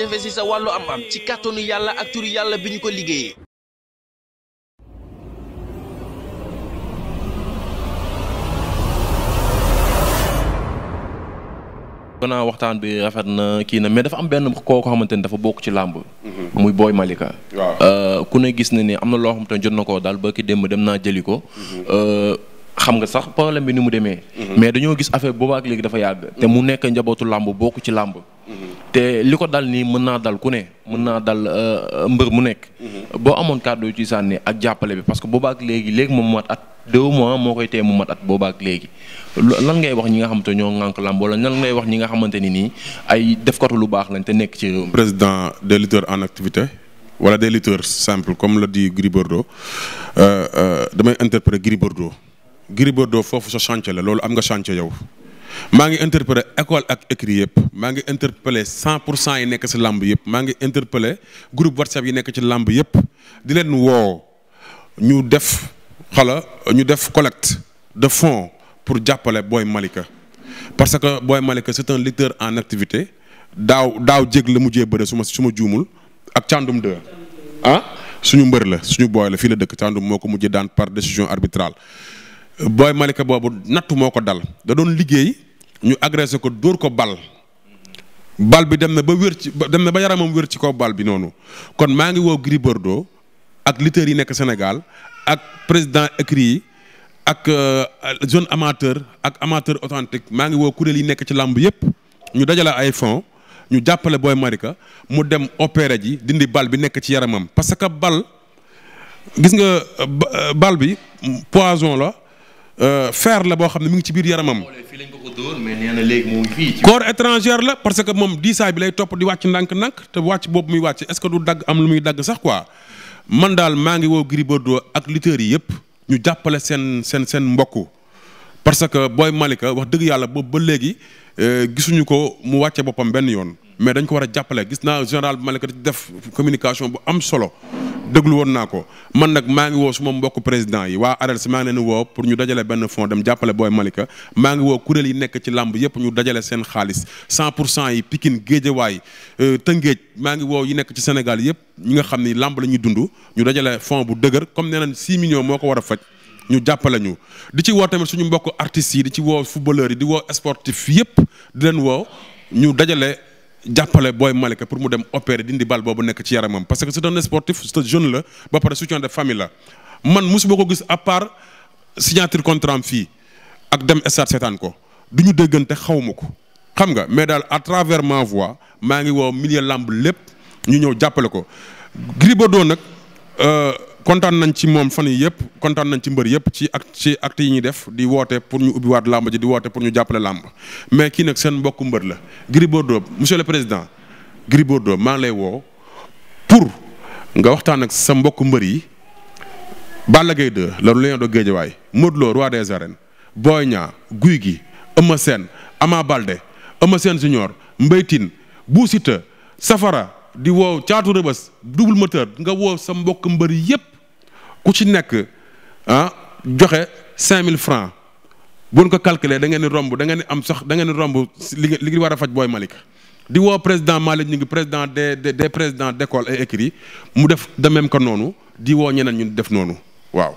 jafe sa wàllu am ci kàttanu yàlla ak turu yàlla bi ñu ko liggéeyee. gannaaw waxtaan bi rafet na kii nag mais dafa am benn koo ko xamante ni dafa bokk ci làmb mhm. muy booy Malika waaw euh, ku ne gis na ni am na loo xamante ne jot na koo daal ba ki démb dem naa jëli ko mhm. euh, xam nga sax problème bi ni mu demee. Mhm. mais dañoo gis affaire boobaa ak léegi dafa yàgg. te mu nekk njabootu làmb bokk ci làmb. Mhm. te li ko dal nii mën naa dal ku ne mën naa dal euh, mbër mu nekk. Mhm. boo amoon kàddu ci sànni ak jàppale bi parce que boobaa ak léegi léegi moom mat at deux mois moo koy tee mu mat at boobaak léegi. lan ngay wax ñi nga xamante ñoo ŋànk làmb wala lan ngay wax ñi nga xamante ni nii ay defkatu lu baax lañ te nekk ci réew mi. président des en activité. wala des lutteurs simples comme le dit Gris Bordeaux euh, euh, damay interpréter Gris Bordeaux Gris Bordeaux foofu sa chantier la loolu am nga chantier yow maa ngi interpellé école ak écrit yëpp maa ngi interpellé cent pour cent yi nekk ci làmb yëpp maa ngi interpellé groupe WhatsApp yi nekk ci làmb yëpp di leen woo ñu def xala ñu def collecte de fonds pour jàppale booy Malika parce que Boy Malika c'est un lutteur en activité daaw daaw jég la mujjee bëre su ma su juumul ak càndum de ah suñu mbër la suñu booy la fii la dëkk càndum moo ko mujjee daan par décision arbitrale booy Malika boobu nattu moo ko dal da doon liggéey ñu agressé ko dóor ko bal bal bi dem na ba wér ci dem na ba yaramam wér ci kaw bal bi noonu kon maa ngi woo Gris Bordeaux ak lutteurs yi nekk Sénégal ak président écurie yi ak euh, jeune amateur ak amateur authentique maa ngi woo kuréel yi nekk ci làmb yépp ñu dajale ay fonds ñu jàppale booy marika mu dem opéré ji dindi bal bi nekk ci yaramam parce que bal gis nga euh, bal bi poison la Euh, fer la boo xam ne mu ngi ci biir yaramam. corps étranger la parce que moom diisaay bi lay topp di wàcc ndànk-ndànk te wàcc boobu muy wàcc est-ce que du dagg am lu muy dagg sax quoi man daal maa ngi woo Gris Bordeaux ak lutteurs yi ñu jàppale seen seen seen mbokk. parce que booy Malika wax dëgg yàlla boobu ba léegi euh, gisuñu ko mu wàcce boppam benn yoon mais dañ ko war a jàppale gis naa général Malika di def communication bu am solo. déglu woon naa ko man nag maa ngi woo suma mbokk président yi waa ARELS maa ngi leen woo pour ñu dajale benn fond dem jàppale booy Malika maa ngi woo kuréel yi nekk ci làmb yëpp ñu dajale seen xaalis 100 pour cent yi Pikine Géejawaay euh, Tëngéej maa ngi woo yi nekk ci Sénégal yëpp ñi nga xam ni làmb la ñuy dund ñu dajale fond bu dëgër comme nee nañ 6 millions moo ko war a faj ñu jàppale ñu di ci woo tamit suñu mbokk artistes yi di ci woo footballeurs yi di woo sportif yëpp di leen woo ñu dajale jàppale booy Malika pour mu dem opérer dindi bal boobu nekk ci yaramam parce que c'est un sportif c'est un jeune la ba pare soutien de famille la man mosuma ko gis à part signature contrat am fii ak dem stade seetaan ko du ñu déggante xaw ma ko xam nga mais daal à travers ma voix maa ngi woo milieu lamb lépp ñu ñëw jàppale ko Gris Bordeaux nag euh, kontaan nañ ci moom fan yii yëpp kontaan nañ ci mbër yëpp ci ak ci acte yi ñuy def di woote pour ñu ubbiwaat làmb ji di woote pour ñu jàppale làmb mais kii nag seen mbokku mbër la. Gris Bordeaux monsieur le président Gris Bordeaux maa lay woo pour nga waxtaan ak sa mbokku mbër yi Balla Gaye 2 la Lion de Guédiawaye Modou Lo roi des arènes Boy Niang Gouye Gui Eumeu Sène Ama Baldé Eumeu Sène junior Mbaye Tine Bou Siteu Safara di woo caatu rëbës double moteur nga woo sa mbokk mbër yëpp. ku ci nekk ah joxe mille francs bu ñu ko calculer da ngeen di romb da ngeen di am sax da ngeen di romb li li war a faj booy malik di woo président Malick ñu ngi président de de présidents d'école ay écrit mu def de même noonu diwoo woo ñeneen ñu def noonu waaw.